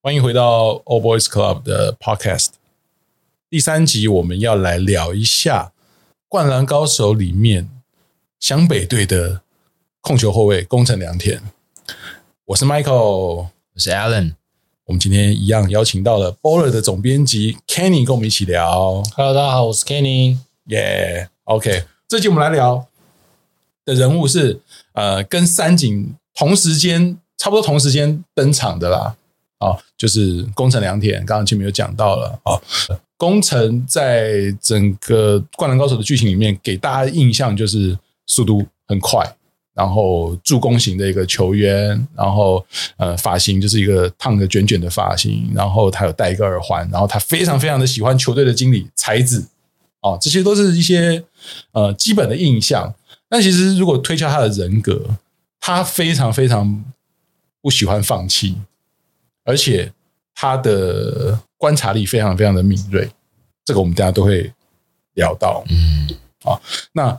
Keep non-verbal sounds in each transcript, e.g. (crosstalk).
歡迎回到 Old Boys Club 的 Podcast 第三集，我們要來聊一下《灌籃高手》裡面湘北隊的控球後衛宮城良田。我是 Michael，我是 Alan，我們今天一樣邀請到了《Baller》的總編輯 Kenny，跟我們一起聊。Hello，大家好，我是 Kenny。耶，yeah，OK，這集我們來聊的人物是呃，跟三井同時間差不多同時間登場的啦。啊、哦，就是宮城良田，剛剛前面有講到了啊。宮、哦、城在整個灌籃高手的劇情裡面，給大家印象就是速度很快，然後助攻型的一個球員，然後呃髮型就是一個燙的捲捲的髮型，然後他有戴一個耳環，然後他非常非常的喜歡球隊的經理彩子哦，這些都是一些呃基本的印象。但其實如果推敲他的人格，他非常非常不喜歡放棄。而且他的觀察力非常非常的敏銳，這個我們大家都會聊到。嗯，啊、哦，那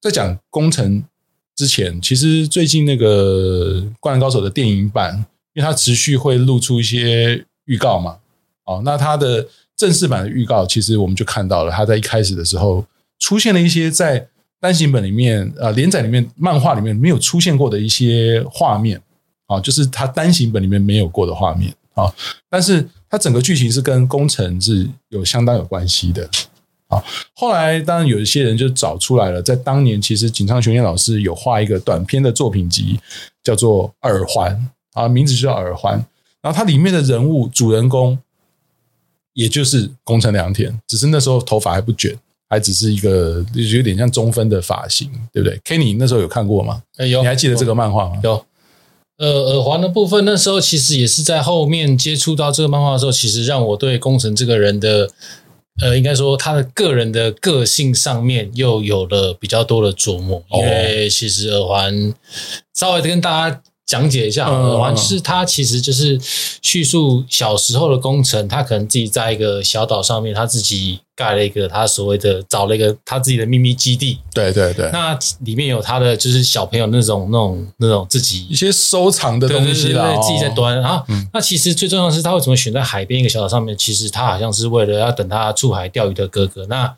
在講宮城之前，其實最近那個《灌籃高手》的電影版，因為它持續會露出一些預告嘛，哦，那它的正式版的預告，其實我們就看到了，它在一開始的時候出現了一些在單行本裡面、呃，連載裡面、漫畫裡面沒有出現過的一些畫面。啊，就是他單行本裡面沒有過的畫面啊，但是它整個劇情是跟宮城是有相當有關係的啊。後來當然有一些人就找出來了，在當年其實井上雄彥老師有畫一個短篇的作品集，叫做《耳環》啊，名字就叫《耳環》，然後它裡面的人物主人公，也就是宮城良田，只是那時候頭髮還不捲，還只是一個有點像中分的髮型，對不對？Kenny 那時候有看過嗎？欸，有，你還記得這個漫畫嗎？有。呃，耳環的部分，那時候其實也是在後面接觸到這個漫畫的時候，其實讓我對宮城這個人的，呃，應該說他的個人的個性上面又有了比較多的琢磨，oh. 因為其實耳環稍微的跟大家講解一下好不好，完是、嗯嗯、他其實就是敘述小時候的工程，他可能自己在一個小島上面，他自己蓋了一個他所謂的，找了一個他自己的祕密基地。對對對，那裡面有他的就是小朋友那種那種那種自己一些收藏的東西啦，對對對，自己在端。啊。那其實最重要的是他為什麼選在海邊一個小島上面？其實他好像是為了要等他出海釣魚的哥哥。那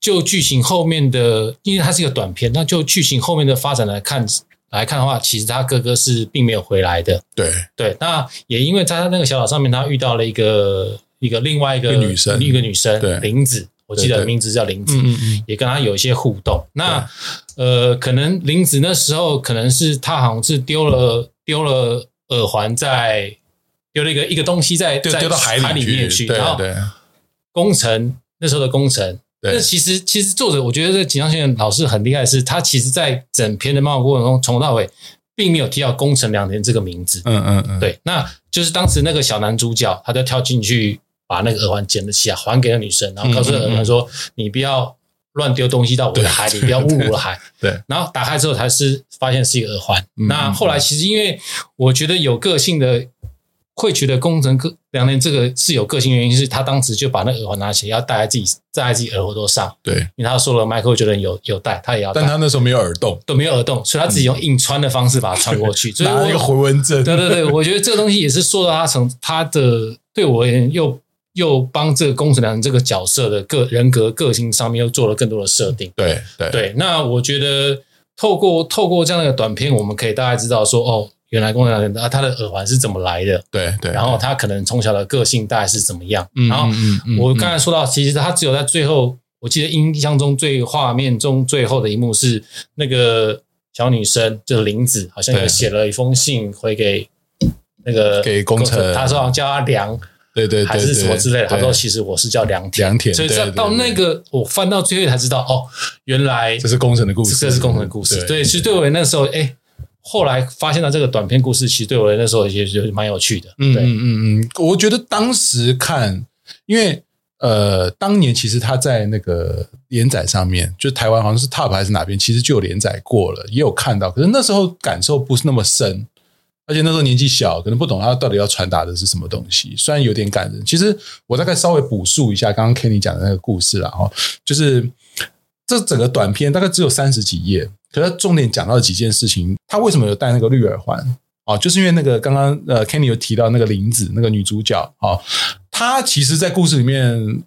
就劇情後面的，因為它是一個短片，那就劇情後面的發展來看。來看的話，其實他哥哥是並沒有回來的。對對，那也因為在他那個小島上面，他遇到了一個一個另外一個女生，一個女生，女對，林子，我記得名字叫林子，對對嗯,嗯也跟他有一些互動。對那呃，可能林子那時候可能是他好像是丟了、嗯、丟了耳環在，在丟了一個一個東西在在海裡面去，對對然後宮城那時候的宮城。那對其實，其實作者我覺得這個井上先生老師很厲害的是，是他其實在整篇的漫畫過程中，從頭到尾並沒有提到宮城良田這個名字。嗯嗯嗯，嗯嗯對，那就是當時那個小男主角，他就跳進去把那個耳環撿了起來，還給了女生，然後告訴耳環說：“嗯嗯嗯、你不要亂丟東西到我的海裡，對你不要侮辱了海。對”對，對然後打開之後，才是發現是一個耳環。嗯、那後來其實因為我覺得有個性的。.會覺得宮城良田這個是有個性原因，就是他當時就把那耳環拿起來，要戴在自己戴在自己耳朵上。對，因為他說了，Michael 覺得有有戴，他也要戴。但他那時候沒有耳洞，都沒有耳洞，所以他自己用硬穿的方式把它穿過去。拿、嗯、 (laughs) 一個迴紋針。對對對，我覺得這個東西也是說到他從他的對我而言又又幫這個宮城良田這個角色的個人格個性上面又做了更多的設定。對對對，那我覺得透過透過這樣的短片，嗯、我們可以大概知道說哦。原來宮城啊，他的耳環是怎麼來的？對對。然後他可能從小的個性大概是怎麼樣？嗯。然後我剛才說到，其實他只有在最後，我記得印象中最畫面中最後的一幕是那個小女生，就是林子，好像寫了一封信回給那個給宮城，他說好像叫阿良，對對對，還是什麼之類的。他說其實我是叫良田，所以說到那個我翻到最後才知道，哦，原來這是宮城的故事，這是宮城的故事。對，其實對我那時候，哎。後來發現了這個短篇故事，其實對我那時候也覺得蠻有趣的。對嗯嗯嗯，我覺得當時看，因為呃，當年其實他在那個連載上面，就台灣好像是 Top 還是哪邊，其實就有連載過了，也有看到。可是那時候感受不是那麼深，而且那時候年紀小，可能不懂他到底要傳達的是什麼東西。雖然有點感人，其實我大概稍微補述一下剛剛 Kenny 講的那個故事了哈，就是這整個短片大概只有三十幾頁。可是重點講到幾件事情，他為什麼有戴那個綠耳環啊？就是因為那個剛剛呃，Kenny 有提到那個林子那個女主角啊，她其實，在故事裡面，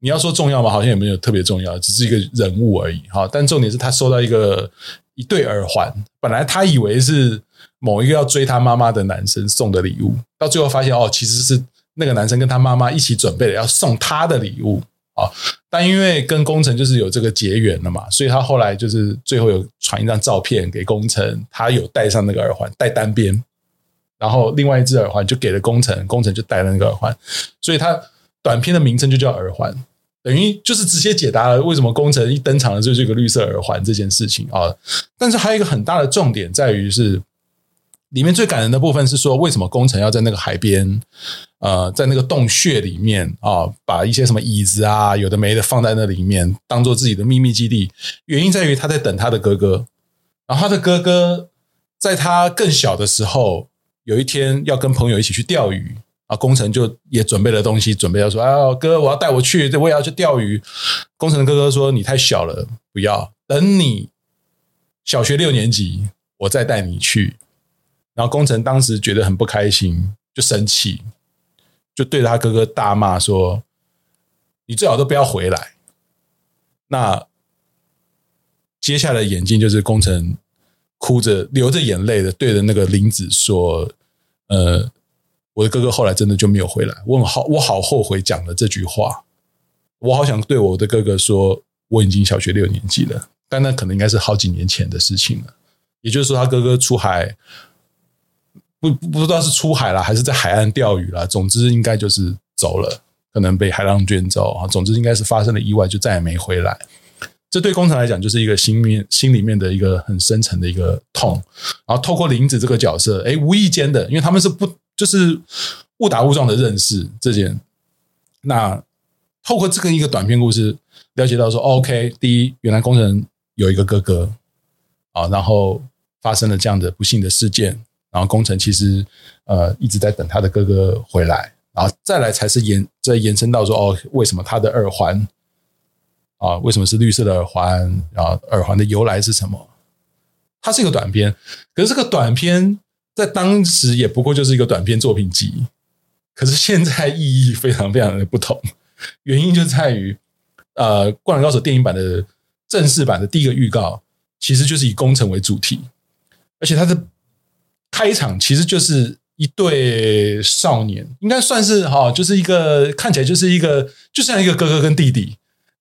你要說重要嗎？好像也沒有特別重要，只是一個人物而已哈。但重點是，她收到一個一對耳環，本來她以為是某一個要追她媽媽的男生送的禮物，到最後發現哦，其實是那個男生跟她媽媽一起準備的要送她的禮物。啊！但因為跟宮城就是有這個結緣了嘛，所以他後來就是最後有傳一張照片給宮城，他有戴上那個耳環，戴單邊，然後另外一隻耳環就給了宮城，宮城就戴了那個耳環，所以他短片的名稱就叫耳環，等於就是直接解答了為什麼宮城一登場的就是一個綠色耳環這件事情啊。但是還有一個很大的重點在於是。裡面最感人的部分是說，為什麼宮城要在那個海邊，呃，在那個洞穴裡面啊，把一些什麼椅子啊、有的沒的放在那裡面，當做自己的秘密基地。原因在於他在等他的哥哥，然後他的哥哥在他更小的時候，有一天要跟朋友一起去釣魚啊，宮城就也準備了東西，準備要說：“哎、啊，哥，我要帶我去，我也要去釣魚。”宮城哥哥說：“你太小了，不要，等你小學六年級，我再帶你去。”然後宮城當時覺得很不開心，就生氣，就對着他哥哥大罵說：“你最好都不要回來。”那接下來，眼鏡就是宮城哭着流着眼淚的，對着那個林子說：“呃，我的哥哥後來真的就沒有回來。我好，我好後悔講了這句話。我好想對我的哥哥說，我已經小學六年級了，但那可能應該是好幾年前的事情了。也就是說，他哥哥出海。”不不，不，不，不知道是出海了還是在海岸釣魚了，總之應該就是走了，可能被海浪捲走啊。總之應該是發生了意外，就再也沒回來。這對宮城來講，就是一個心面心裡面的一個很深層的一個痛。然後透過林子這個角色，哎，無意間的，因為他們是不就是誤打誤撞的認識這件。那透過這個一個短篇故事，了解到說，哦，OK，第一，原來宮城有一個哥哥，啊，然後發生了這樣的不幸的事件。然後，宮城其實呃一直在等他的哥哥回來，然後再來才是延再延伸到說哦，為什麼他的耳環啊？為什麼是綠色的耳環？然後耳環的由來是什麼？它是一個短片，可是這個短片在當時也不過就是一個短片作品集，可是現在意義非常非常的不同。原因就在於呃，《灌籃高手》電影版的正式版的第一個預告，其實就是以宮城為主題，而且它是。開場其實就是一對少年，應該算是哈、哦，就是一個看起來就是一個就像一個哥哥跟弟弟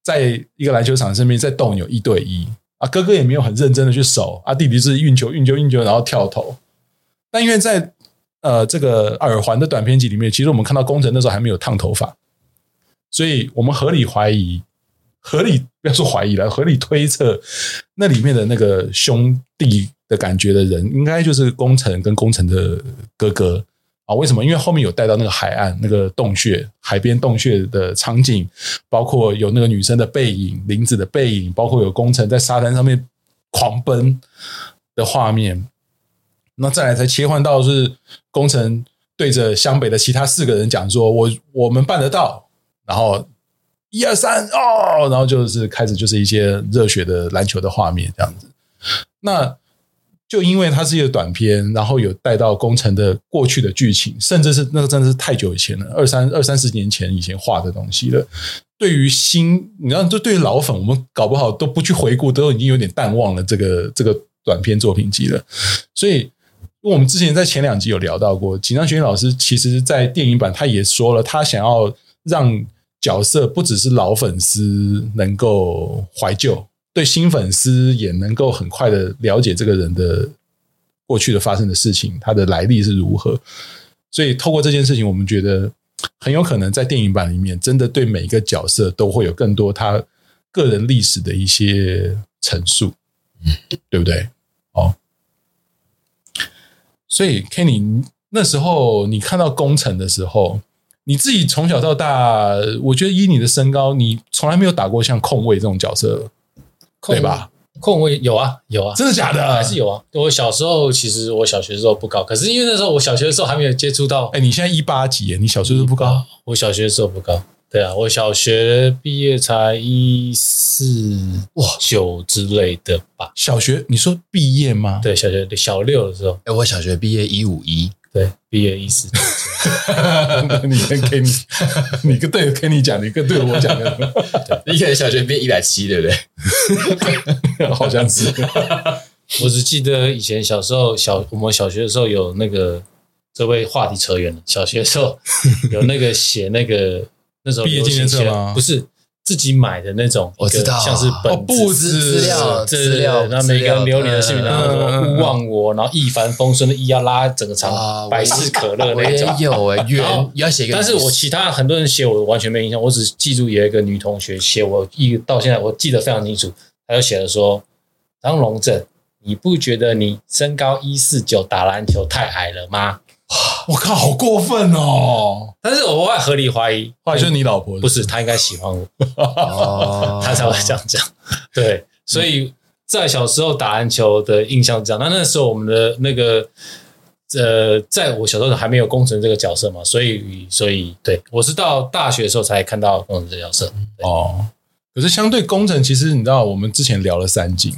在一個籃球場上面在鬥牛一對一啊，哥哥也沒有很認真的去守啊，弟弟就是運球運球運球然後跳投，但因為在呃這個耳環的短片集裡面，其實我們看到宮城那時候還沒有燙頭髮，所以我們合理懷疑。合理不要說懷疑了，合理推測那裡面的那個兄弟的感覺的人，應該就是宮城跟宮城的哥哥啊？為什麼？因為後面有帶到那個海岸、那個洞穴、海邊洞穴的場景，包括有那個女生的背影、林子的背影，包括有宮城在沙灘上面狂奔的畫面。那再來才切換到是宮城對着湘北的其他四個人講說：“我我們辦得到。”然後。一二三哦，然後就是開始就是一些熱血的籃球的畫面這樣子，那就因為它是一個短片，然後有帶到宮城的過去的劇情，甚至是那個真的是太久以前了，二三二三十年前以前畫的東西了。對於新，你知道，就對於老粉，我們搞不好都不去回顧，都已經有點淡忘了這個這個短片作品集了。所以，我們之前在前兩集有聊到過，井上雄彥老師其實，在電影版他也說了，他想要讓。角色不只是老粉絲能夠懷舊，對新粉絲也能夠很快的了解這個人的過去的發生的事情，他的來歷是如何。所以透過這件事情，我們覺得很有可能在電影版裡面，真的對每一個角色都會有更多他個人歷史的一些陳述，嗯、對不對？哦，所以 Kenny，那時候你看到宮城的時候。你自己從小到大，我覺得以你的身高，你從來沒有打過像控衛這種角色，對吧？控衛有啊，有啊，真的假的？還是有啊。我小時候其實我小學的時候不高，可是因為那時候我小學的時候還沒有接觸到。哎，你現在一八幾？你小學都不高？18, 我小學的時候不高。對啊，我小學畢業才一四哇九之類的吧。小學你說畢業嗎？對，小學對小六的時候。哎，我小學畢業一五一。對，畢業儀式。 (laughs) 你跟 Kenny，你個隊友跟你講，你跟隊友我講。以前小學變一百七，對不對？ (laughs) 好像是，我只記得以前小時候，小我們小學的時候有那個這位話題扯遠了。小學的時候有那個寫那個 (laughs) 那時候畢業紀念冊嗎？不是。自己買的那種，我知道、啊，像是本布置資料資料，那每個人留你的姓名勿忘我、然後一帆風順的，一要拉整個場百、啊、事可樂那種，有有後但是我其他很多人寫我，我完全沒印象，我只記住有一個女同學寫我一到現在我記得非常清楚，嗯嗯，她就寫了說：“張龍正，你不覺得你身高一四九打籃球太矮了嗎？”我靠，好過分哦！但是我會合理懷疑，懷疑就是你老婆是不是她應該喜歡我，她才會這樣講。對，所以在小時候打籃球的印象是這樣。那那時候我們的那個，呃，在我小時候還沒有宮城這個角色嘛，所以所以對我是到大學的時候才看到宮城這個角色。哦、啊，可是相對宮城，其實你知道，我們之前聊了三井，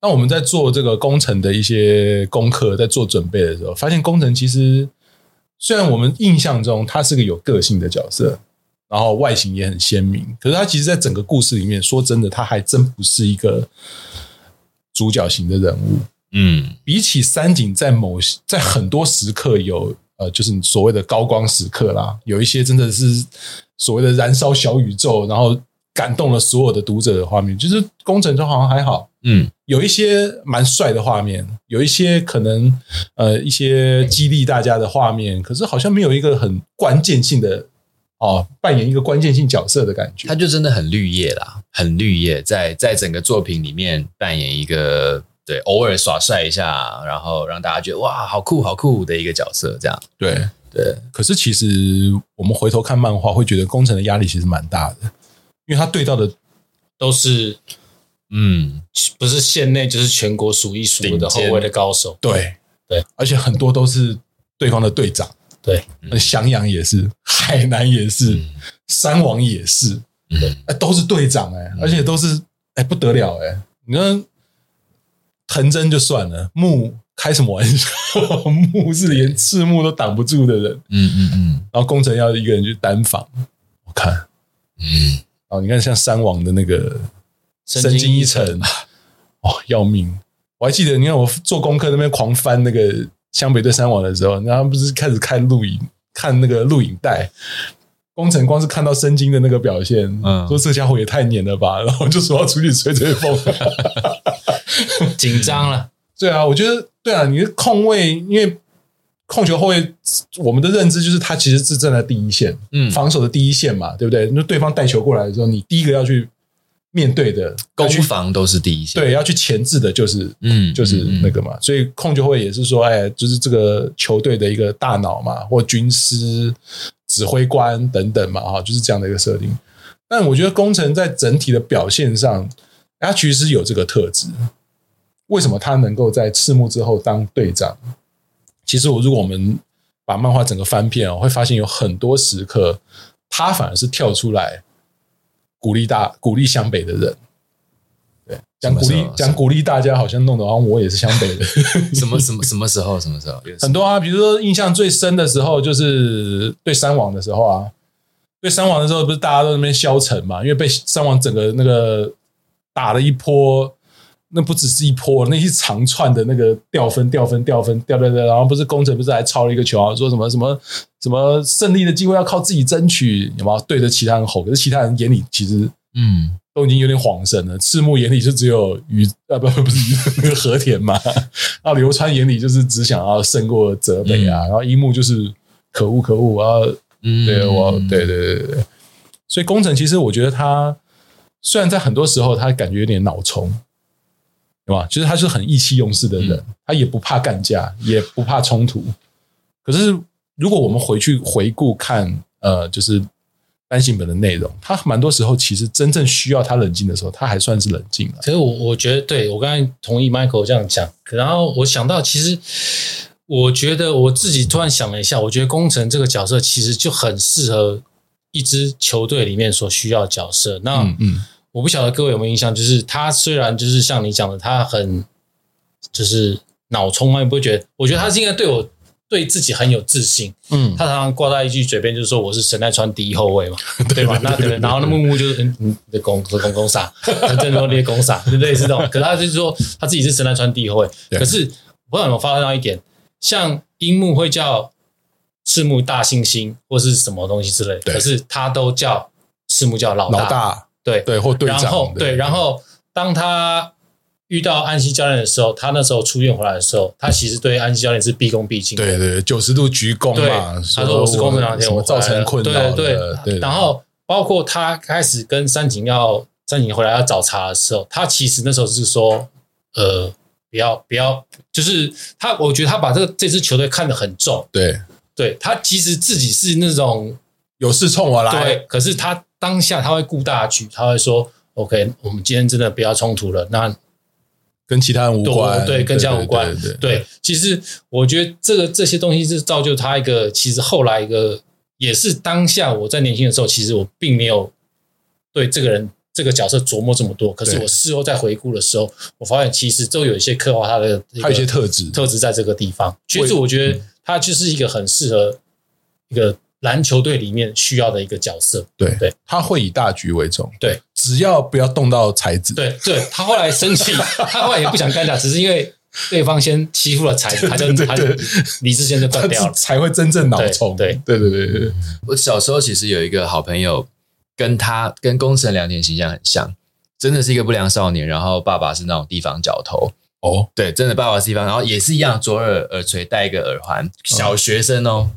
那我們在做這個宮城的一些功課，在做準備的時候，發現宮城其實。雖然我們印象中他是個有個性的角色，然後外形也很鮮明，可是他其實，在整個故事裡面，說真的，他還真不是一個主角型的人物。嗯，比起三井，在某在很多時刻有呃，就是所謂的高光時刻啦，有一些真的是所謂的燃燒小宇宙，然後感動了所有的讀者的畫面，就是宮城中好像還好，嗯。有一些蠻帥的畫面，有一些可能呃一些激勵大家的畫面，可是好像沒有一個很關鍵性的哦，扮演一個關鍵性角色的感覺。他就真的很綠葉啦，很綠葉，在在整個作品裡面扮演一個對偶爾耍帥一下，然後讓大家覺得哇，好酷好酷的一個角色，這樣。對對，對可是其實我們回頭看漫畫，會覺得宮城的壓力其實蠻大的，因為他對到的都是。嗯，不是縣內就是全國數一數二的，的後衛的高手。對對，對對而且很多都是對方的隊長。對，那翔陽也是，海南也是，山、嗯、王也是，哎、嗯欸，都是隊長哎、欸，嗯、而且都是哎、欸、不得了哎、欸。你說藤真就算了，木開什麼玩笑？ (laughs) 木是連赤木都擋不住的人。嗯嗯嗯。嗯嗯然後宮城要一個人去單防，嗯、我看。嗯。哦，你看像山王的那個。深津一成，一，哦，要命！我還記得，你看我做功課那邊狂翻那個湘北對山王的時候，然後不是開始看錄影，看那個錄影帶，宮城光是看到深津的那個表現，嗯，說這傢伙也太黏了吧，然後就說要出去吹吹風，緊張 (laughs) (laughs) 了。對啊，我覺得對啊，你的控衛，因為控球後衛，我們的認知就是他其實是站在第一線，嗯，防守的第一線嘛，對不對？那對方帶球過來的時候，你第一個要去。面對的攻防都是第一線，對，要去前置的，就是嗯，就是那個嘛，所以控球會也是說，哎，就是這個球隊的一個大腦嘛，或軍師、指揮官等等嘛，哈，就是這樣的一個設定。但我覺得宮城在整體的表現上，他其實有這個特質。為什麼他能夠在赤木之後當隊長？其實我如果我們把漫畫整個翻遍哦，我會發現有很多時刻，他反而是跳出來。鼓勵大鼓勵湘北的人，對，講鼓勵講鼓勵大家，好像弄得好像我也是湘北的。什麼什麼什麼時候什麼時候？很多啊，比如說印象最深的時候，就是對山王的時候啊，對山王的時候，不是大家都那邊消沉嘛？因為被山王整個那個打了一波，那不只是一波，那一長串的那個掉分掉分掉分掉掉掉，然後不是宮城，不是還抄了一個球，啊，說什麼什麼？什麼勝利的機會要靠自己爭取？有沒有對着其他人吼，可是其他人眼裡其實，嗯，都已經有點恍神了。嗯、赤木眼裡就只有魚呃、啊，不，不是河田嘛。然、啊、後流川眼裡就是只想要勝過澤北啊。嗯、然後櫻木就是可惡可惡啊！後、嗯、對我，對對對，對。所以宮城其實我覺得他，雖然在很多時候他感覺有點腦衝，對吧？其、就、實、是、他是很意氣用事的人，嗯、他也不怕幹架，也不怕衝突，可是。如果我們回去回顧看，呃，就是單行本的內容，他蠻多時候其實真正需要他冷靜的時候，他還算是冷靜了。其實我我覺得，對，我剛才同意 Michael 這樣講，可然後我想到，其實我覺得我自己突然想了一下，我覺得工程這個角色其實就很適合一支球隊裡面所需要角色。那，嗯，嗯，我不曉得各位有沒有印象，就是他雖然就是像你講的，他很就是腦衝，啊，你不會覺得，我覺得他是應該對我。嗯對自己很有自信，嗯，他常常掛在一句嘴邊，就是說我是神奈川第一後衛嘛， (laughs) 對，對，對，對，對吧？那對不對？然後那木木就是、 (laughs) 嗯、你，你的公公傻 (laughs) 的攻攻殺，真正的獵攻殺，對不對？是這種。可是他就是說他自己是神奈川第一後衛，對可是我不知道你有沒有發現到一點，像櫻木會叫赤木大猩猩或是什麼東西之類，對可是他都叫赤木叫老大，老大對對，或隊長，然後對，對然後當他。遇到安西教練的時候，他那時候出院回來的時候，他其實對安西教練是畢恭畢敬對對，九十度鞠躬嘛。對說他說：“我是工作人員，我，我麼造成困擾對對對。對的然後的包括他開始跟三井要三井回來要找茬的時候，他其實那時候是說：“呃，不要不要，就是他，我覺得他把這個這支球隊看得很重。對”對對，他其實自己是那種有事衝我來，對。可是他當下他會顧大局，他會說：“OK，我們今天真的不要衝突了。那”那跟其他人無關，對，跟家無關。對，其實我覺得這個這些東西是造就他一個，其實後來一個也是當下我在年輕的時候，其實我並沒有對這個人這個角色琢磨這麼多。可是我事後在回顧的時候，對，我發現其實都有一些刻畫他的，他有一些特質，特質在這個地方。其實我覺得他就是一個很適合一個。籃球隊裡面需要的一個角色，對，對他會以大局為重，對，只要不要動到彩子，對，對他後來生氣，他後來也不想幹了，只是因為對方先欺負了彩子，他就他就理智線就斷掉了，才會真正腦衝，對，對對對對。我小時候其實有一個好朋友，跟他跟宮城良田形象很像，真的是一個不良少年，然後爸爸是那種地方角頭，哦，對，真的爸爸是地方，然後也是一樣，左耳耳垂戴一個耳環，小學生哦。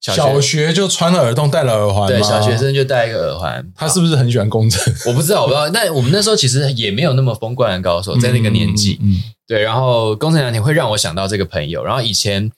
小學，小學就穿了耳洞，戴了耳環。對，小學生就戴一個耳環。他是不是很喜歡宮城？我不知道，我不知道。那 (laughs) 我們那時候其實也沒有那麼風貫的高手，在那個年紀、嗯，嗯，嗯對。然後宮城良田會讓我想到這個朋友。然後以前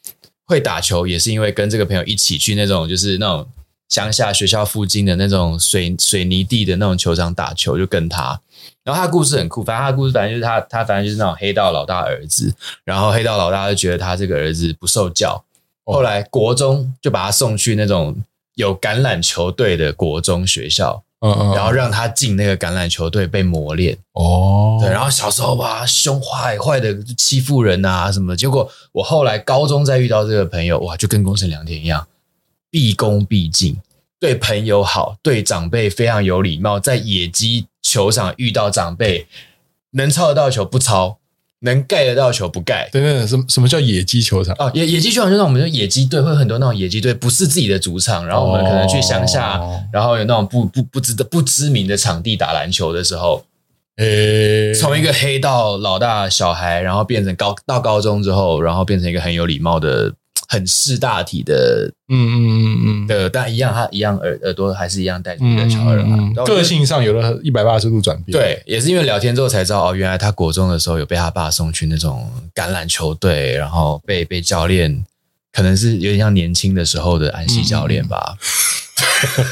會打球，也是因為跟這個朋友一起去那種就是那種鄉下學校附近的那種水水泥地的那種球場打球，就跟他。然後他的故事很酷，反正他的故事反正就是他他反正就是那種黑道老大兒子。然後黑道老大就覺得他這個兒子不受教。後來國中就把他送去那種有橄欖球隊的國中學校，嗯，嗯嗯，然後讓他進那個橄欖球隊被磨練。哦，對，然後小時候把、啊、他凶壞，壞的欺負人啊什麼的。結果我後來高中再遇到這個朋友，哇，就跟宮城良田一樣，畢恭畢敬，對朋友好，對長輩非常有禮貌。在野雞球場遇到長輩，能抄得到球不抄，能蓋得到球不蓋？對對對，什麼什麼叫野雞球場啊、哦？野野雞球場就是我們說野雞隊，會有很多那種野雞隊不是自己的主場，然後我們可能去鄉下，哦、然後有那種不不不值得不知名的場地打籃球的時候，哎、從一個黑道老大小孩，然後變成高、嗯、到高中之後，然後變成一個很有禮貌的。很識大體的，嗯嗯嗯嗯的，但一樣，他一樣耳耳朵還是一樣帶着一個小耳環，個性上有了一百八十度轉變。對，也是因為聊天之後才知道，哦，原來他國中的時候有被他爸送去那種橄欖球隊，然後被被教練，可能是有點像年輕的時候的安西教練吧。嗯嗯嗯哈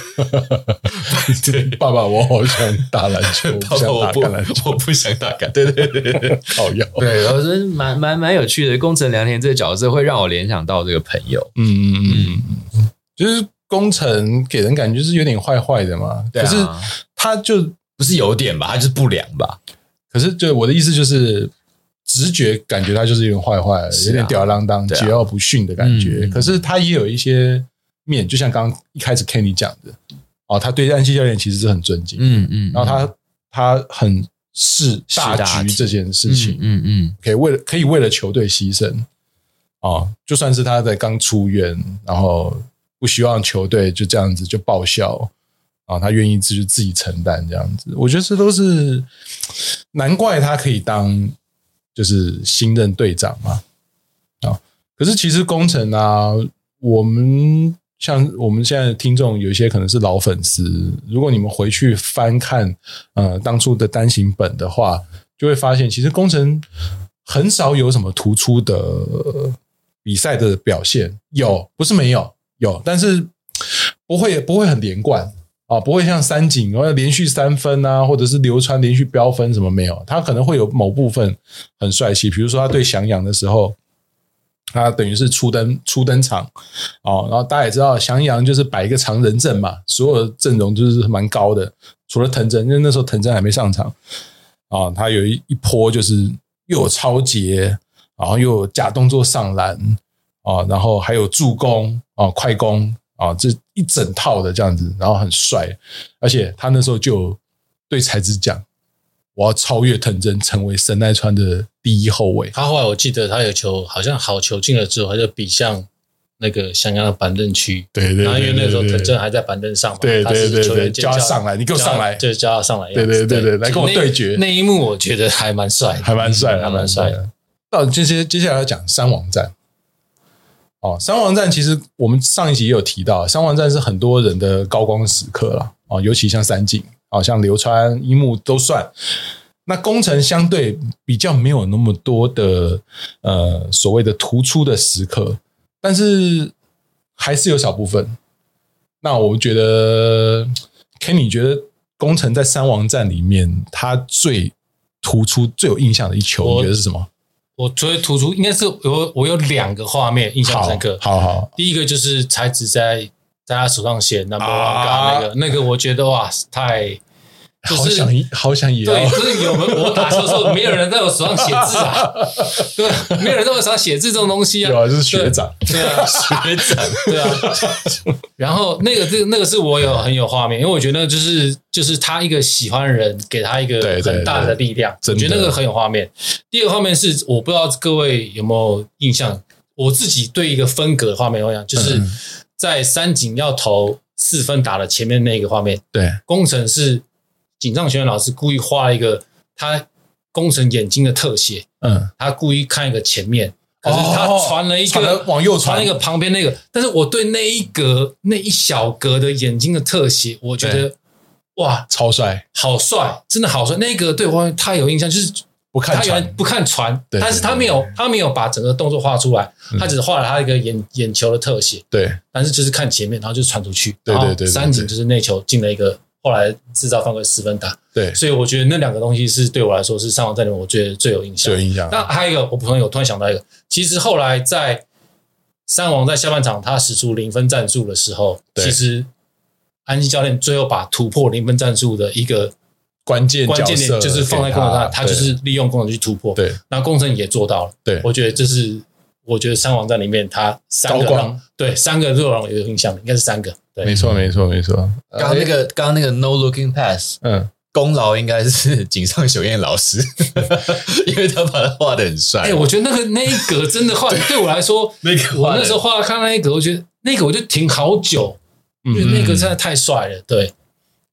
哈， (laughs) 爸爸，我好想打籃球，不想打橄欖，我不想打橄欖， (laughs) 對對對，討厭。對，然後是蠻蠻，蠻有趣的。宮城良田這個角色會讓我聯想到這個朋友，嗯嗯嗯，就是宮城給人感覺是有點壞壞的嘛，對啊，可是他就不是有點吧，他就是不良吧。可是，就我的意思就是，直覺感覺他就是有點壞壞，啊，有點吊兒郎當、桀驁、啊，不馴的感覺。嗯嗯，可是他也有一些。面就像剛剛一開始 Kenny 講的啊、哦，他對安西教練其實是很尊敬嗯，嗯嗯，然後他他很識大局這件事情，嗯嗯，嗯嗯可以為了可以為了球隊犧牲，啊、哦，就算是他在剛出院，然後不希望球隊就這樣子就報銷，啊、哦，他願意自己自己承擔這樣子，我覺得這都是難怪他可以當就是新任隊長嘛，啊、哦，可是其實宮城啊，我們。像我們現在聽眾有一些可能是老粉絲，如果你們回去翻看呃當初的單行本的話，就會發現其實宮城很少有什麼突出的比賽的表現。有不是沒有有，但是不會不會很連貫啊，不會像三井然後連續三分啊，或者是流川連續飆分什麼沒有，他可能會有某部分很帥氣，比如說他對翔陽的時候。他等於是初登初登場哦，然後大家也知道，翔陽就是擺一個長人陣嘛，所有的陣容就是蠻高的，除了藤真，因為那時候藤真還沒上場啊、哦，他有一一波就是又有抄截然後又有假動作上籃啊、哦，然後還有助攻啊、哦、快攻啊，這、哦、一整套的這樣子，然後很帥，而且他那時候就對彩子講。我要超越藤真，成為神奈川的第一後衛。他後來我記得，他有球好像好球進了之後，他就比向那個翔陽的板凳區。對對對對對。然後因為那時候藤真還在板凳上嘛，對對對對，叫他上來，你給我上來，就叫他上來。對對對對，來跟我對決。那一幕我覺得還蠻帥，還蠻帥，還蠻帥的。到這些接下來要講山王戰。哦，山王戰其實我們上一集也有提到，山王戰是很多人的高光時刻了。哦，尤其像三井。好像流川、櫻木都算。那宮城相對比較沒有那麼多的呃所謂的突出的時刻，但是還是有小部分。那我覺得，Kenny 覺得工程在三王戰裡面，他最突出、最有印象的一球，我你覺得是什麼？我覺得突出應該是有，我有兩個畫面印象深刻好。好好，第一個就是才子在。大家手上寫南波萬剛，那個那個，那個、我覺得哇，太、就是、好想好想演，對，就是我們我打球的時候，沒有人在我手上寫字啊，對，沒有人在我手上寫字這種東西啊，有啊，就是學長，對，對啊， (laughs) 學長，對啊。然後那個這那個是我有很有畫面，因為我覺得就是就是他一個喜歡的人給他一個很大的力量，我覺得那個很有畫面。第二個畫面是我不知道各位有沒有印象，我自己對一個分格的畫面印象就是。嗯在三井要投四分打的前面那個畫面，對，宮城是井上雄彥老師故意畫一個他宮城眼睛的特寫，嗯，他故意看一個前面，可是他傳了一個、哦、傳了往右傳一個旁邊那個，但是我對那一格那一小格的眼睛的特寫，我覺得對哇，超帥帥，好帥，真的好帥，那個對我太有印象，就是。不看傳，他原來不看傳。對對對對，但是他沒有他沒有把整個動作畫出來，他只畫了他一個眼、嗯、眼球的特寫。對，對，但是就是看前面，然後就是傳出去。對對對。三井就是內球進了一個，對對對對，後來制造犯規四分打。對，對，所以我覺得那兩個東西是對我來說是山王在裡面，我覺得最有印象的。最有印象、啊。那還有一個，我朋友我突然想到一個，其實後來在山王在下半場他使出零分戰術的時候，對 其實安西教練最後把突破零分戰術的一個。關鍵點就是放在工程上，他就是利用工程去突破。對，那工程也做到了。對，我覺得這是我覺得三網站裡面，他三個對三個最讓我有印象的，應該是三個。對，沒錯沒錯沒錯。剛剛那個剛剛那個 no looking pass，嗯，功勞應該是井上雄彥老師，因為他把他畫的很帥。哎，我覺得那個那一格真的畫對我來說，那個我那時候畫看那一格，我覺得那個我就停好久，因為那個真的太帥了。對。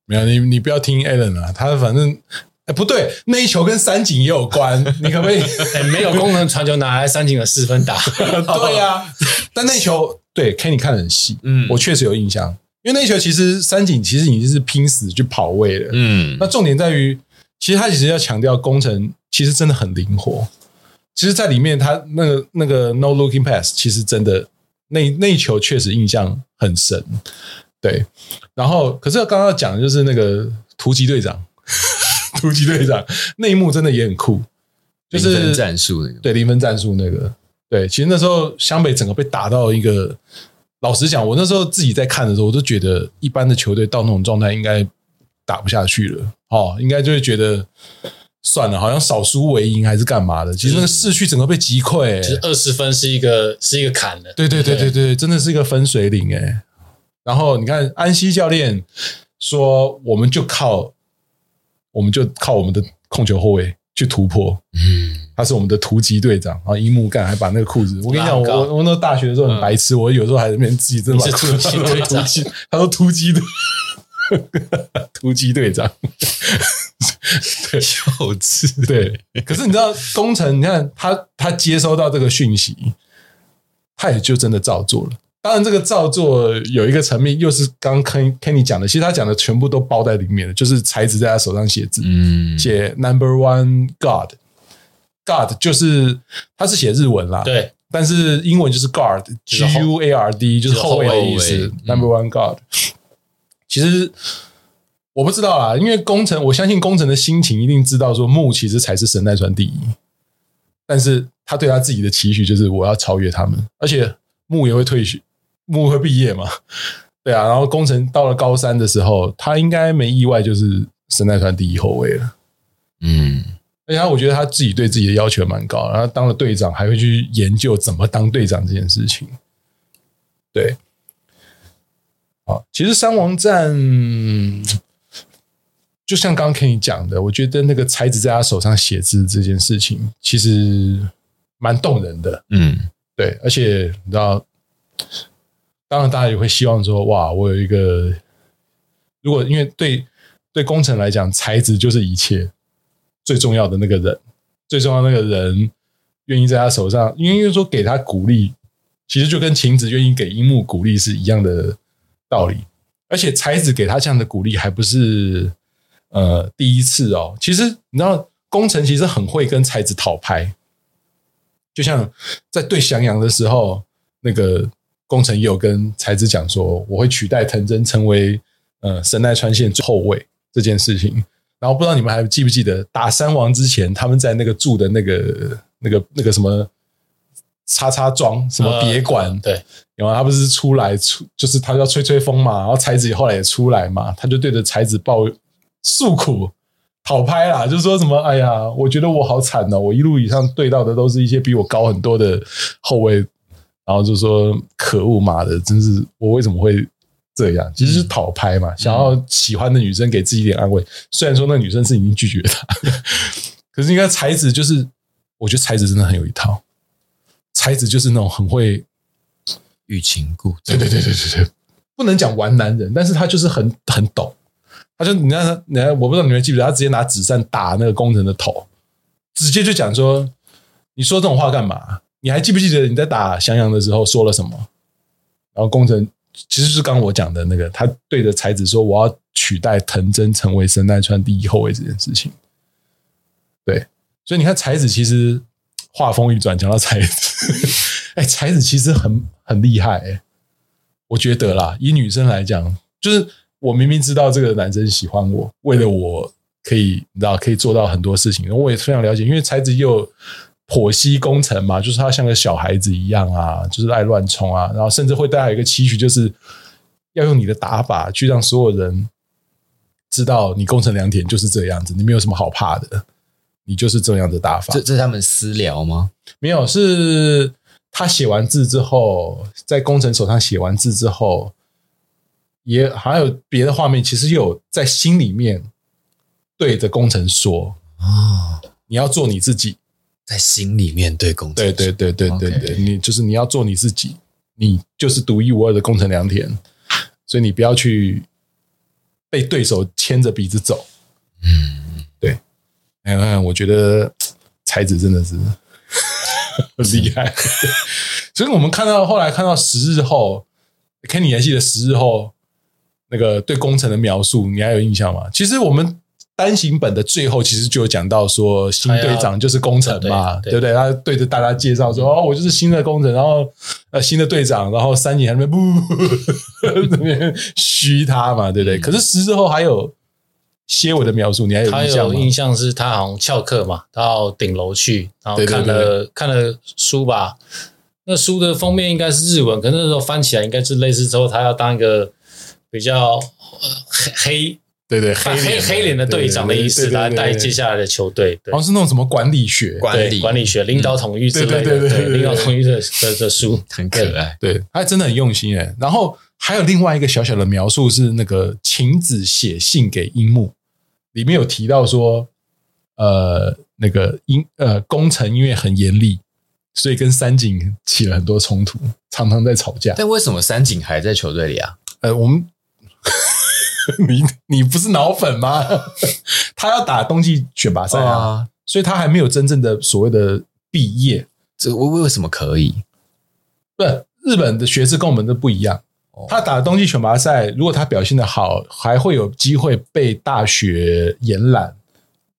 沒有你，你不要聽 Allen 了、啊。他反正，哎，不對，那一球跟三井也有關。你可不可以？哎，沒有宮城傳球哪來三井的四分打？ (laughs) 對呀、啊。 (laughs) 但那一球對 (laughs) Kenny 看得很細，嗯，我確實有印象。因為那一球其實三井其實已經是拼死去跑位了，嗯。那重點在於，其實他其實要強調宮城其實真的很靈活。其實，在裡面他那個那個 no looking pass，其實真的那那一球確實印象很深。對，然後可是剛剛講的就是那個突擊隊長，突擊隊長那一幕真的也很酷，就是零分戰術那個，對零分戰術那個，對，其實那時候湘北整個被打到一個，老實講，我那時候自己在看的時候，我都覺得一般的球隊到那種狀態應該打不下去了，哦，應該就會覺得算了，好像少輸為贏還是幹嘛的，其實那個士氣整個被擊潰、欸，其實二十分是一個是一個坎的，對對對對對，對真的是一個分水嶺哎、欸。然後你看安西教練說：“我們就靠，我們就靠我們的控球後衛去突破。”嗯，他是我們的突擊隊長。然後櫻木幹還把那個褲子，我跟你講，我我那大學的時候很白痴，我有時候還在那邊自己真的把褲子突擊突擊。他說突擊隊，突擊隊長，對，可是你知道，工程，你看他他接收到這個訊息，他也就真的照做了。當然，這個造作有一個層面，又是剛 Ken Kenny 講的，其實他講的全部都包在裡面的就是彩子在他手上寫字，嗯，寫 Number One God，God God 就是他是寫日文啦，對，但是英文就是 Guard，G U A R D 就是後衛的意思衛衛、嗯、Number One God，其實我不知道啊，因為宮城，我相信宮城的心情一定知道說牧其實才是神奈川第一，但是他對他自己的期許就是我要超越他們，而且牧也會退去。牧會畢業嘛，對啊，然後宮城到了高三的時候，他應該沒意外就是神奈川第一後衛了。嗯，而且他我覺得他自己對自己的要求蠻高，然後當了隊長還會去研究怎麼當隊長這件事情。對，好，其實山王戰，就像剛剛跟你講的，我覺得那個彩子在他手上寫字這件事情，其實蠻動人的。嗯，對，而且你知道。當然，大家也會希望說：“哇，我有一個……如果因為對，對宮城來講，彩子就是一切最重要的那個人，最重要的那個人願意在他手上，因為說給他鼓勵，其實就跟晴子願意給櫻木鼓勵是一樣的道理。而且，彩子給他這樣的鼓勵，還不是呃第一次哦。其實，你知道，宮城其實很會跟彩子討拍，就像在對翔陽的時候那個。”宮城也有跟彩子講說，我會取代藤真成為呃神奈川縣後衛這件事情。然後不知道你們還記不記得打山王之前，他們在那個住的那個那個那個什麼叉叉莊什麼別館，對，然後他不是出來出，就是他要吹吹風嘛，然後彩子後來也出來嘛，他就對着彩子抱、訴苦討拍啦，就說什麼哎呀，我覺得我好慘哦，我一路以上對到的都是一些比我高很多的後衛。然後就說：“可惡媽的，真是我為什麼會這樣？其實是討拍嘛，嗯、想要喜歡的女生給自己一點安慰。嗯、雖然說那女生是已經拒絕他，可是應該彩子，就是我覺得彩子真的很有一套。彩子就是那種很會欲擒故縱對對對對對對，不能講玩男人，但是他就是很很懂。他就你看他，你看，你看我不知道你們記不記得，他直接拿紙扇打那個工人的頭，直接就講說：你說這種話幹嘛？”你還記不記得你在打翔陽的時候說了什麼？然後宮城其實是剛我講的那個，他對着彩子說：“我要取代藤真成為神奈川第一後衛。”這件事情，對，所以你看，彩子其實話鋒一轉，講到彩子，哎、欸，彩子其實很很厲害、欸，哎，我覺得啦，以女生來講，就是我明明知道這個男生喜歡我，為了我可以，你知道，可以做到很多事情，我也非常了解，因為彩子又。剖析宮城嘛，就是他像個小孩子一樣啊，就是愛亂衝啊，然後甚至會帶來一個期許，就是要用你的打法去讓所有人知道你宮城良田就是這樣子，你沒有什麼好怕的，你就是這樣的打法。這這是他們私聊嗎？沒有，是他寫完字之後，在宮城手上寫完字之後，也還有別的畫面，其實有在心裡面對着宮城說啊，你要做你自己。在心裡面對宮城，對對對對對對，對，Okay. 你就是你要做你自己，你就是獨一無二的宮城良田，所以你不要去被對手牽着鼻子走。嗯，對。嗯，我覺得彩子真的是厲害。所以我們看到後來看到十日後 Kenny 聯繫的十日後那個對宮城的描述，你還有印象嗎？其實我們。單行本的最後其實就有講到說新隊長就是宮城嘛，對，對，對，對不對？他對着大家介紹說對對對哦，我就是新的宮城，然後呃新的隊長，然後三井那邊不 (laughs) 那邊噓他嘛，對不對？嗯、可是十之後還有些我的描述，對你還有印象嗎？他有印象是他好像翹課嘛，到頂樓去，然後看了對對對看了書吧。那書的封面應該是日文，可是那時候翻起來應該是類似之後他要當一個比較黑黑。對對，黑黑黑臉的隊長的意思來帶接下來的球隊，好像是那種什麼管理學、管理管理學、領導統御之類的，領導統御的的的書很可愛，對，他真的很用心哎。然後還有另外一個小小的描述是，那個晴子寫信給櫻木，裡面有提到說，呃，那個櫻呃，宮城因為很嚴厲，所以跟三井起了很多衝突，常常在吵架。但為什麼三井還在球隊裡啊？呃，我們。 (laughs) 你你不是腦粉嗎？ (laughs) 他要打冬季選拔賽啊，啊所以他還沒有真正的所謂的畢業。這為為什麼可以？不，日本的學制跟我們都不一樣。他打冬季選拔賽，如果他表現得好，還會有機會被大學延攬，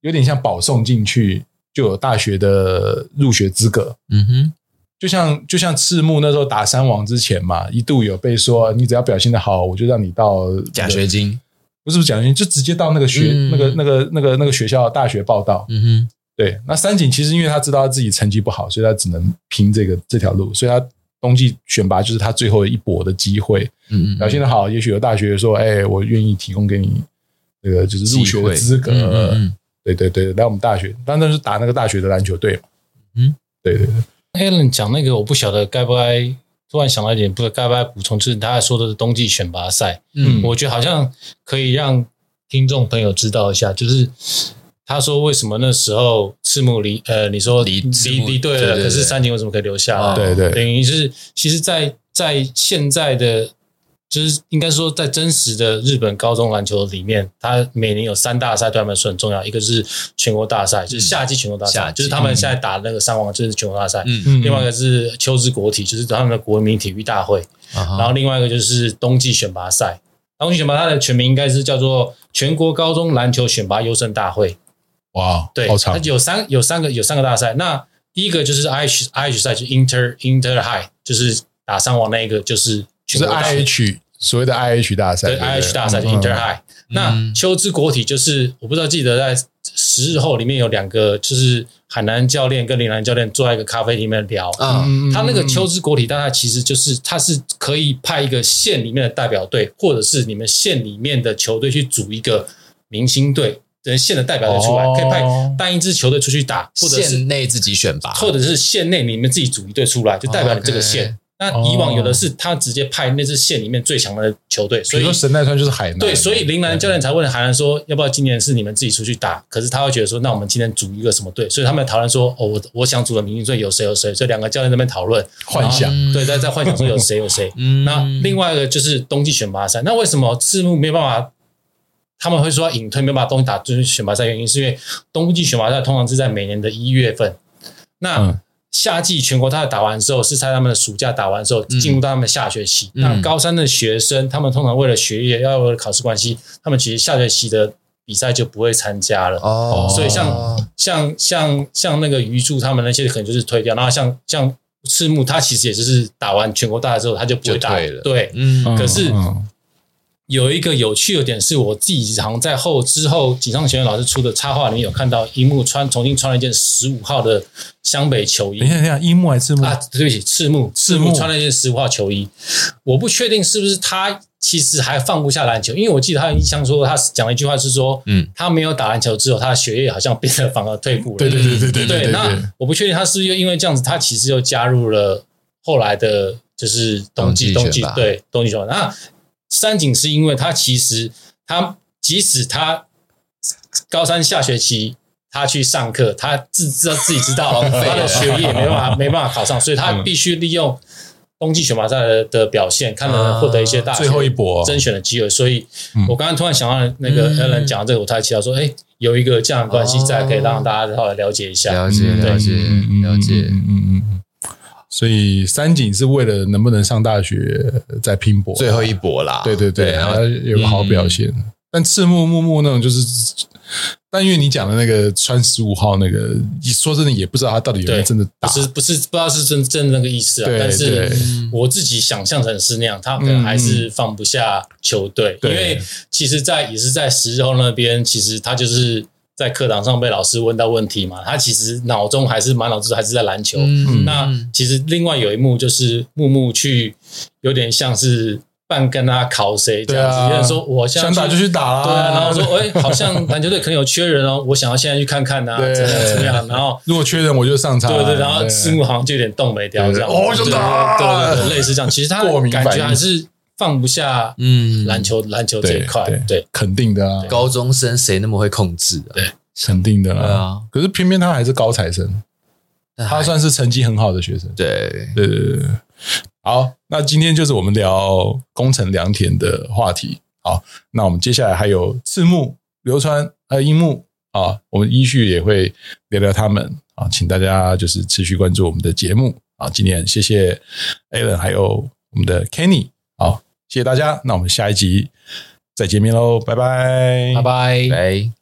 有點像保送進去就有大學的入學資格。嗯哼。就像就像赤木那時候打山王之前嘛，一度有被說，你只要表現得好，我就讓你到獎、那個、學金，不是不是獎學金，就直接到那個學、嗯、那個那個那個那個學校大學報到。嗯哼，對。那三井其實因為他知道他自己成績不好，所以他只能拼這個這條路，所以他冬季選拔就是他最後一搏的機會。嗯嗯，表現得好，也許有大學說，哎，我願意提供給你那個就是入學資格。嗯，嗯，對對對，來我們大學，當然是打那個大學的籃球隊嘛。嗯，對對對。Allen 講那個，我不曉得該不該。突然想到一點，不，該不該補充？就是大家說的是冬季選拔賽，嗯，我覺得好像可以讓聽眾朋友知道一下，就是他說為什麼那時候赤木離呃，你說離離離隊了，對對對，可是三井為什麼可以留下啊？對對，等於是其實在，在在現在的。就是應該說，在真實的日本高中籃球裡面，它每年有三大賽對他們來說很重要。一個是全國大賽，就是夏季全國大賽，嗯、就是他們現在打的那個三王，就是全國大賽。嗯嗯嗯。另外一個是秋之國體，就是他們的國民體育大會。嗯嗯、然後另外一個就是冬季選拔賽。冬季選拔他的全名應該是叫做全國高中籃球選拔優勝大會。哇，對，好長，有，有三有三個有三個大賽。那第一個就是 I H I H 賽，就是、Inter Inter High，就是打三王那一個，就是。就是 IH 所謂的 IH 大賽，對，對 IH 大賽、um、Inter High。Um、那秋之國體就是我不知道記得在十日後裡面有兩個，就是海南教練跟陵南教練坐在一個咖啡廳裡面聊啊。他、嗯、那個秋之國體，大概其實就是他是可以派一個縣裡面的代表隊，或者是你們縣裡面的球隊去組一個明星隊，等縣的代表隊出來，哦、可以派單一支球隊出去打，或者縣內自己選拔，或者是縣內你們自己組一隊出來，就代表你這個縣。哦 okay 那以往有的是他直接派那支縣裡面最強的球隊，所以說神奈川就是海南。對，所以陵南教練才問海南說，要不要今年是你們自己出去打？可是他會覺得說，那我們今天組一個什麼隊？所以他們討論說，哦，我我想組的明星隊有誰有誰？所以兩個教練在那邊討論，幻想對，在在幻想說有誰有誰。 (laughs) 那另外一個就是冬季選拔賽。那為什麼赤木沒辦法？他們會說隱退沒辦法東西打就是選拔賽原因，是因為冬季選拔賽通常是在每年的一月份。那。嗯夏季全國大賽打完之後，是在他們的暑假打完之後進入到他們下學期。嗯、那高三的學生，他們通常為了學業，要為了考試關係，他們其實下學期的比賽就不會參加了。哦，所以像、哦、像像像那個魚住他們那些可能就是推掉。然後像像赤木，他其實也就是打完全國大賽之後，他就不會打。對，嗯是嗯，嗯，可是。有一個有趣的點是我自己常在後之後井上雄彥老師出的插畫裡面有看到櫻木穿重新穿了一件十五號的湘北球衣。等一下，櫻木還是赤木？啊，對不起，赤木，赤木,赤木穿了一件十五號球衣。我不確定是不是他其實還放不下籃球，因為我記得他印象說他講了一句話是說，嗯，他沒有打籃球之後，他的學業好像變得反而退步了。對對對對對對,對,對,對,對,對,對。那我不確定他是不是又因為這樣子，他其實又加入了後來的，就是冬季冬季對冬季選拔。那三井是因為他其實他即使他高三下學期他去上課，他自知道自己知道他的學業沒辦法沒辦法考上，所以他必須利用冬季選拔賽的表現，看能不能獲得一些大學、最後一搏甄選的機會。所以，我剛剛突然想到那個恩人講這個，舞台期待說，哎，有一個這樣的關係在，可以讓大家後來了解一下了解，了解、了解、了解，嗯嗯。所以三井是為了能不能上大學在拼搏，啊，最後一搏啦。對對對，然後他有個好，好表現。但赤木木木那種就是，但因為你講的那個穿十五號那個，說真的也不知道他到底有沒有真的打，不是不是不知道是真真正的那個意思啊。對但是我自己想象成是那樣，他可能還是放不下球隊，嗯、因為其實在，在也是在十號那邊，其實他就是。在課堂上被老師問到問題嘛，他其實腦中還是滿腦子還是在籃球。那其實另外有一幕就是木木去有點像是半跟他考誰這樣子，有人說我想打就去打啊，然後說哎，好像籃球隊可能有缺人哦，我想要現在去看看啊，怎麼樣？怎麼樣。然後如果缺人我就上場，對對。然後赤木好像就有點動沒掉這樣，哦，就打，對類似這樣。其實他感覺還是。放不下，嗯，籃球，籃球這一塊，對，對肯定的啊。對高中生誰那麼會控制、啊？對，肯定的啊。哦、可是偏偏他還是高材生，還他算是成績很好的學生。對，對，對，對，對，對，好，那今天就是我們聊宮城良田的話題。好，那我們接下來還有赤木、流川，還有櫻木啊，我們依序也會聊聊他們啊。請大家就是持續關注我們的節目啊。今天謝謝 Alan 還有我們的 Kenny 好。謝謝大家，那我們下一集再見面嘍，拜拜，拜拜 bye，拜。